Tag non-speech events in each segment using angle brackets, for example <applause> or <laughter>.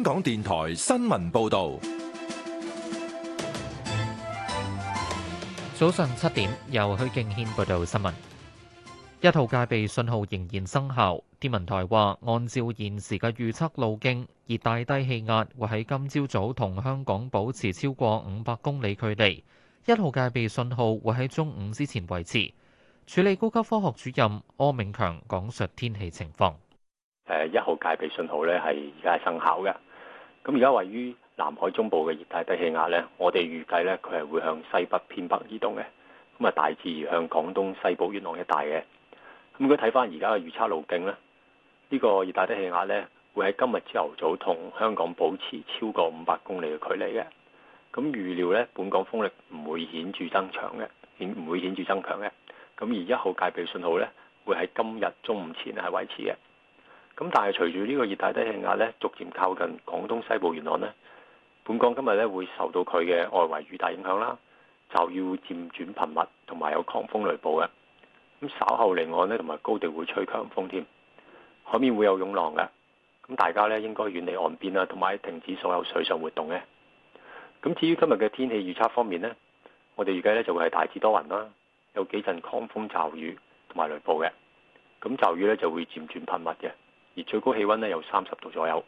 香港電台新聞報道，早上七點由許敬軒報道新聞。一號戒備信號仍然生效。天文台話，按照現時嘅預測路徑，熱帶低氣壓會喺今朝早同香港保持超過五百公里距離。一號戒備信號會喺中午之前維持。處理高級科學主任柯明強講述天氣情況。誒，一號戒備信號咧係而家係生效嘅。咁而家位於南海中部嘅熱帶低氣壓呢，我哋預計呢，佢係會向西北偏北移動嘅，咁啊大致向廣東西部沿岸一帶嘅。咁如果睇翻而家嘅預測路徑咧，呢、呢個熱帶低氣壓呢，會喺今日朝頭早同香港保持超過五百公里嘅距離嘅。咁預料呢，本港風力唔會顯著增強嘅，顯唔會顯著增強嘅。咁而一號戒備信號呢，會喺今日中午前係維持嘅。咁但係，隨住呢個熱帶低氣壓呢，逐漸靠近廣東西部沿岸呢，本港今日呢會受到佢嘅外圍雨帶影響啦，驟雨會漸轉頻密，同埋有，有狂風雷暴嘅。咁稍後離岸呢同埋高地會吹強風添，海面會有湧浪嘅。咁大家呢應該遠離岸邊啊，同埋停止所有水上活動嘅。咁至於今日嘅天氣預測方面呢，我哋預計呢就會係大致多雲啦，有幾陣狂風驟雨同埋雷暴嘅。咁驟雨呢就會漸轉頻密嘅。而最高氣溫咧有三十度左右，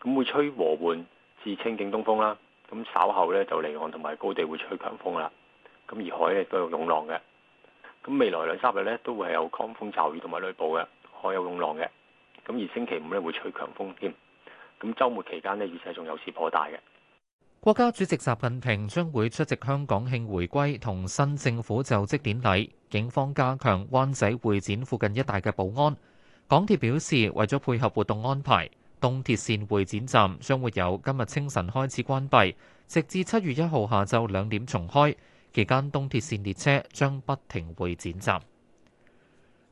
咁會吹和緩至清勁東風啦。咁稍後咧就離岸同埋高地會吹強風啦。咁而海咧都有湧浪嘅。咁未來兩三日咧都會係有狂風驟雨同埋雷暴嘅，海有湧浪嘅。咁而星期五咧會吹強風添。咁週末期間咧，雨勢仲有時頗大嘅。國家主席習近平將會出席香港慶回歸同新政府就職典禮，警方加強灣仔會展附近一帶嘅保安。港鐵表示，為咗配合活動安排，東鐵線會展站將會由今日清晨開始關閉，直至七月一號下晝兩點重開。期間，東鐵線列車將不停會展站。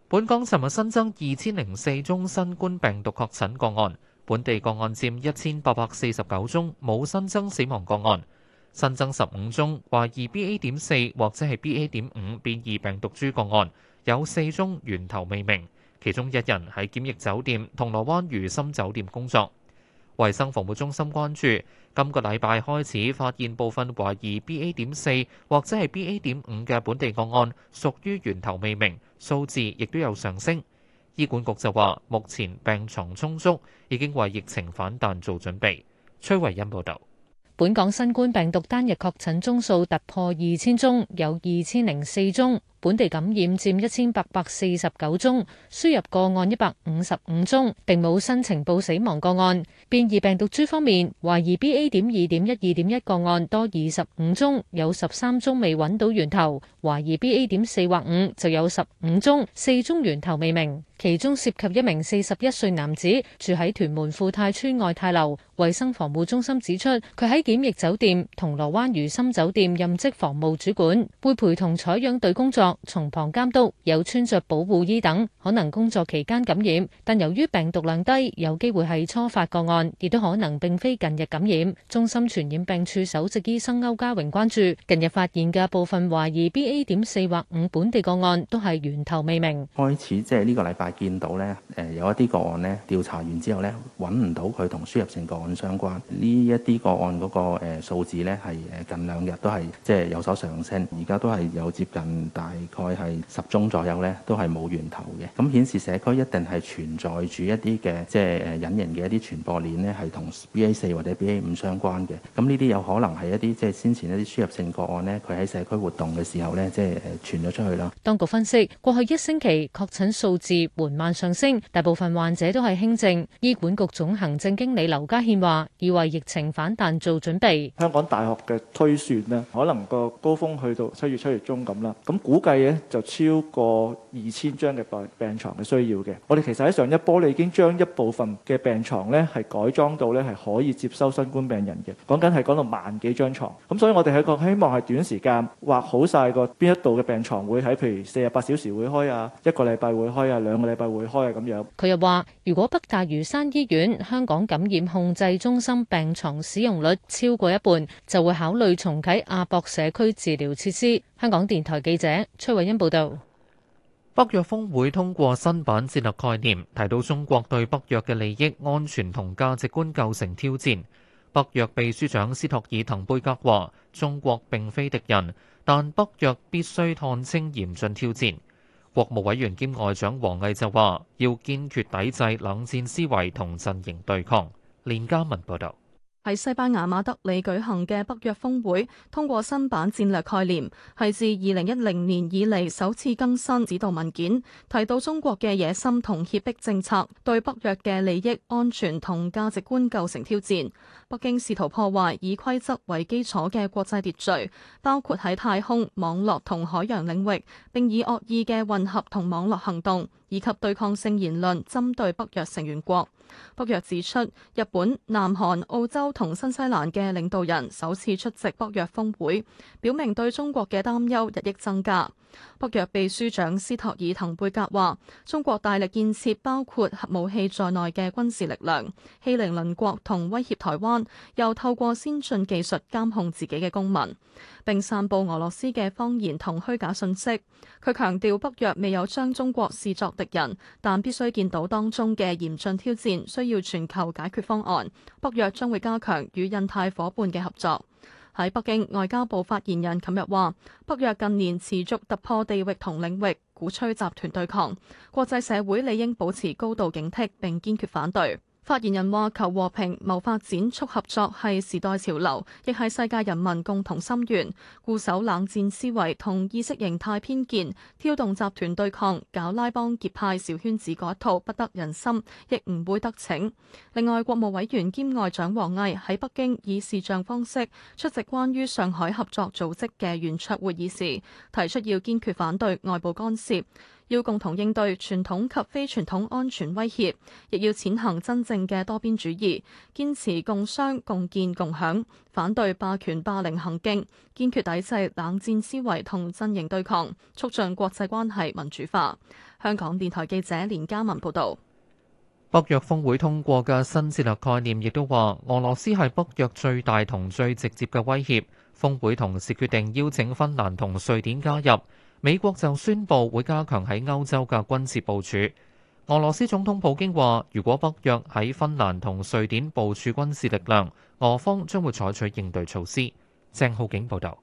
本港尋日新增二千零四宗新冠病毒確診個案，本地個案佔一千八百四十九宗，冇新增死亡個案，新增十五宗懷疑 BA 點四或者係 BA 點五變異病毒株個案，有四宗源頭未明。其中一人喺檢疫酒店銅鑼灣如心酒店工作。衛生防護中心關注，今個禮拜開始發現部分懷疑 BA. 點四或者係 BA. 點五嘅本地個案，屬於源頭未明，數字亦都有上升。醫管局就話，目前病床充足，已經為疫情反彈做準備。崔維欣報道。本港新冠病毒單日確診宗數突破二千宗，有二千零四宗。本地感染佔一千八百四十九宗，輸入個案一百五十五宗，並冇新情報死亡個案。變異病毒株方面，懷疑 BA. 點二點一、二點一個案多二十五宗，有十三宗未揾到源頭，懷疑 BA. 點四或五就有十五宗，四宗源頭未明，其中涉及一名四十一歲男子住喺屯門富泰邨愛泰樓。衛生防護中心指出，佢喺檢疫酒店銅鑼灣如心酒店任職防務主管，會陪同採樣隊工作。從旁監督，有穿着保護衣等，可能工作期間感染，但由於病毒量低，有機會係初發個案，亦都可能並非近日感染。中心傳染病處首席醫生歐家榮關注，近日發現嘅部分懷疑 BA 點四或五本地個案，都係源頭未明。開始即係呢個禮拜見到呢，誒，有一啲個案呢調查完之後呢，揾唔到佢同輸入性個案相關。呢一啲個案嗰個誒數字呢，係誒近兩日都係即係有所上升，而家都係有接近大。大概係十宗左右呢，都係冇源頭嘅。咁顯示社區一定係存在住一啲嘅，即係隱形嘅一啲傳播鏈呢，係同 BA 四或者 BA 五相關嘅。咁呢啲有可能係一啲即係先前一啲輸入性個案呢佢喺社區活動嘅時候呢，即係傳咗出去啦。當局分析過去一星期確診數字緩慢上升，大部分患者都係輕症。醫管局總行政經理劉家獻話，以為疫情反彈做準備。香港大學嘅推算呢，可能個高峰去到七月、七月中咁啦。咁估計。就超過二千張嘅病病牀嘅需要嘅，我哋其實喺上一波，你已經將一部分嘅病床咧係改裝到咧係可以接收新冠病人嘅，講緊係講到萬幾張床咁所以我哋喺一個希望係短時間劃好晒個邊一度嘅病床。會喺譬如四十八小時會開啊，一個禮拜會開啊，兩個禮拜會開啊咁樣。佢又話，如果北大嶼山醫院香港感染控制中心病床使用率超過一半，就會考慮重啟亞博社區治療設施。 <noise> <noise> 香港電台記者崔慧欣報道，北約峰會通過新版戰略概念，提到中國對北約嘅利益、安全同價值觀構成挑戰。北約秘書長斯托爾滕貝格話，中國並非敵人，但北約必須探清嚴峻挑戰。國務委員兼外長王毅就話，要堅決抵制冷戰思維同陣營對抗。連家文報道。喺西班牙馬德里舉行嘅北約峰會，通過新版戰略概念，係自二零一零年以嚟，首次更新指導文件，提到中國嘅野心同脅迫政策對北約嘅利益、安全同價值觀構成挑戰。北京試圖破壞以規則為基礎嘅國際秩序，包括喺太空、網絡同海洋領域，並以惡意嘅混合同網絡行動。以及對抗性言論針對北約成員國。北約指出，日本、南韓、澳洲同新西蘭嘅領導人首次出席北約峰會，表明對中國嘅擔憂日益增加。北約秘書長斯托爾滕貝格話，中國大力建設包括核武器在內嘅軍事力量，欺凌鄰國同威脅台灣，又透過先進技術監控自己嘅公民，並散布俄羅斯嘅謊言同虛假信息。佢強調，北約未有將中國視作敵人，但必須見到當中嘅嚴峻挑戰，需要全球解決方案。北約將會加強與印太夥伴嘅合作。喺北京，外交部發言人琴日話：北約近年持續突破地域同領域，鼓吹集團對抗，國際社會理應保持高度警惕，並堅決反對。發言人話：求和平、謀發展、促合作係時代潮流，亦係世界人民共同心願。固守冷戰思維同意識形態偏見，挑動集團對抗，搞拉幫結派小圈子嗰一套，不得人心，亦唔會得逞。另外，國務委員兼外長王毅喺北京以視像方式出席關於上海合作組織嘅圓桌會議時，提出要堅決反對外部干涉。要共同應對傳統及非傳統安全威脅，亦要踐行真正嘅多邊主義，堅持共商共建共享，反對霸權霸凌行徑，堅決抵制冷戰思維同陣營對抗，促進國際關係民主化。香港電台記者連嘉文報道。北約峰會通過嘅新戰略概念亦都話，俄羅斯係北約最大同最直接嘅威脅。峰會同時決定邀請芬蘭同瑞典加入。美國就宣布會加強喺歐洲嘅軍事部署。俄羅斯總統普京話，如果北約喺芬蘭同瑞典部署軍事力量，俄方將會採取應對措施。鄭浩景報導。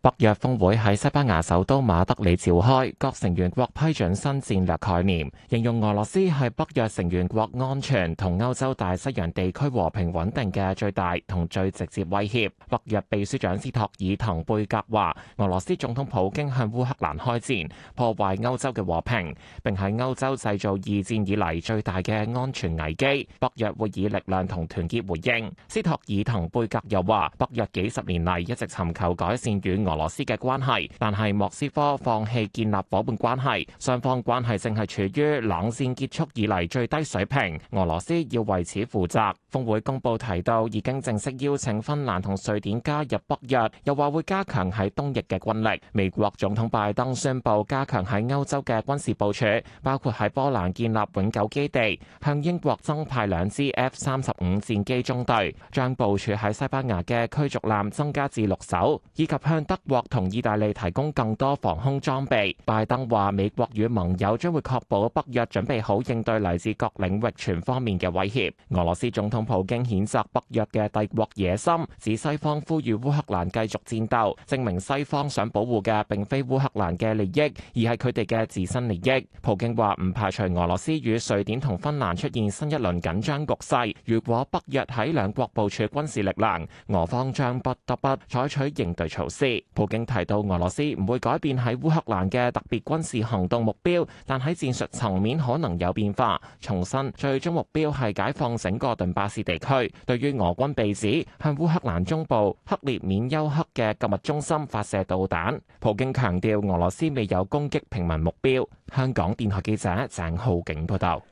北約峰會喺西班牙首都馬德里召開，各成員國批准新戰略概念，形容俄羅斯係北約成員國安全同歐洲大西洋地區和平穩定嘅最大同最直接威脅。北約秘書長斯托爾滕貝格話，俄羅斯總統普京向烏克蘭開戰，破壞歐洲嘅和平，並喺歐洲製造二戰以嚟，最大嘅安全危機。北約會以力量同團結回應。斯托爾滕貝格又話，北約幾十年嚟，一直尋求改善與。俄羅斯嘅關係，但係莫斯科放棄建立伙伴關係，雙方關係正係處於冷戰結束以嚟最低水平。俄羅斯要為此負責。峰會公報提到，已經正式邀請芬蘭同瑞典加入北約，又話會加強喺東翼嘅軍力。美國總統拜登宣布加強喺歐洲嘅軍事部署，包括喺波蘭建立永久基地，向英國增派兩支 F 三十五戰機中隊，將部署喺西班牙嘅驅逐艦增加至六艘，以及向德獲同意大利提供更多防空裝備。拜登話：美國與盟友將會確保北約準備好應對來自各領域全方面嘅威脅。俄羅斯總統普京譴責北約嘅帝國野心，指西方呼籲烏克蘭繼續戰鬥，證明西方想保護嘅並非烏克蘭嘅利益，而係佢哋嘅自身利益。普京話：唔排除俄羅斯與瑞典同芬蘭出現新一輪緊張局勢。如果北約喺兩國部署軍事力量，俄方將不得不採取應對措施。普京提到，俄羅斯唔會改變喺烏克蘭嘅特別軍事行動目標，但喺戰術層面可能有變化。重申最終目標係解放整個頓巴斯地區。對於俄軍被指向烏克蘭中部克列緬丘克嘅購物中心發射導彈，普京強調俄羅斯未有攻擊平民目標。香港電台記者鄭浩景報道。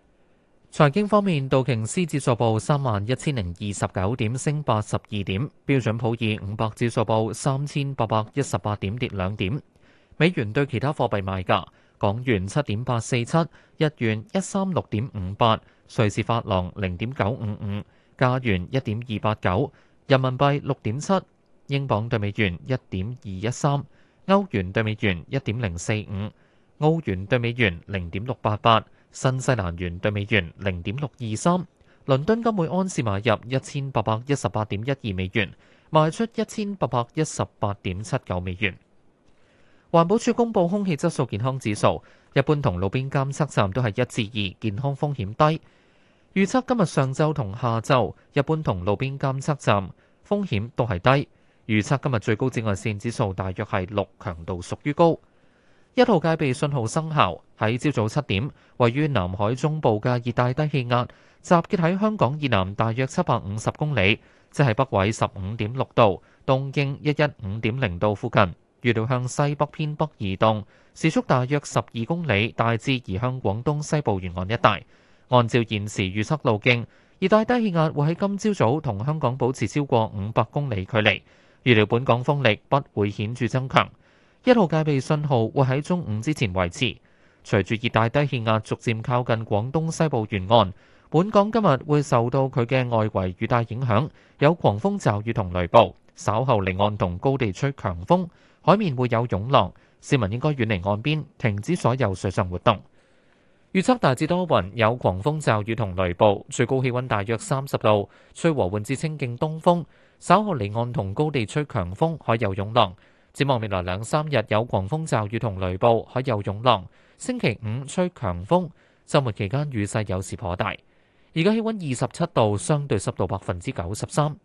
財經方面，道瓊斯指數報三萬一千零二十九點，升八十二點；標準普爾五百指數報三千八百一十八點，跌兩點。美元對其他貨幣賣價：港元七點八四七，日元一三六點五八，瑞士法郎零點九五五，加元一點二八九，人民幣六點七，英鎊對美元一點二一三，歐元對美元一點零四五，澳元對美元零點六八八。新西蘭元兌美元零點六二三，倫敦金每安士買入一千八百一十八點一二美元，賣出一千八百一十八點七九美元。環保署公布空氣質素健康指數，一般同路邊監測站都係一至二，健康風險低。預測今日上晝同下晝，一般同路邊監測站風險都係低。預測今日最高紫外線指數大約係六，強度屬於高。一號戒備信號生效，喺朝早七點，位於南海中部嘅熱帶低氣壓集結喺香港以南大約七百五十公里，即係北緯十五點六度、東經一一五點零度附近。預料向西北偏北移動，時速大約十二公里，大致移向廣東西部沿岸一帶。按照現時預測路徑，熱帶低氣壓會喺今朝早同香港保持超過五百公里距離。預料本港風力不會顯著增強。一號戒備信號會喺中午之前維持。隨住熱帶低氣壓逐漸靠近廣東西部沿岸，本港今日會受到佢嘅外圍雨帶影響，有狂風驟雨同雷暴。稍後離岸同高地吹強風，海面會有湧浪，市民應該遠離岸邊，停止所有水上活動。預測大致多雲，有狂風驟雨同雷暴，最高氣溫大約三十度，吹和緩至清勁東風。稍後離岸同高地吹強風，海有湧浪。展望未來兩三日有狂風驟雨同雷暴，海有湧浪。星期五吹強風，週末期間雨勢有時頗大。而家氣温二十七度，相對濕度百分之九十三。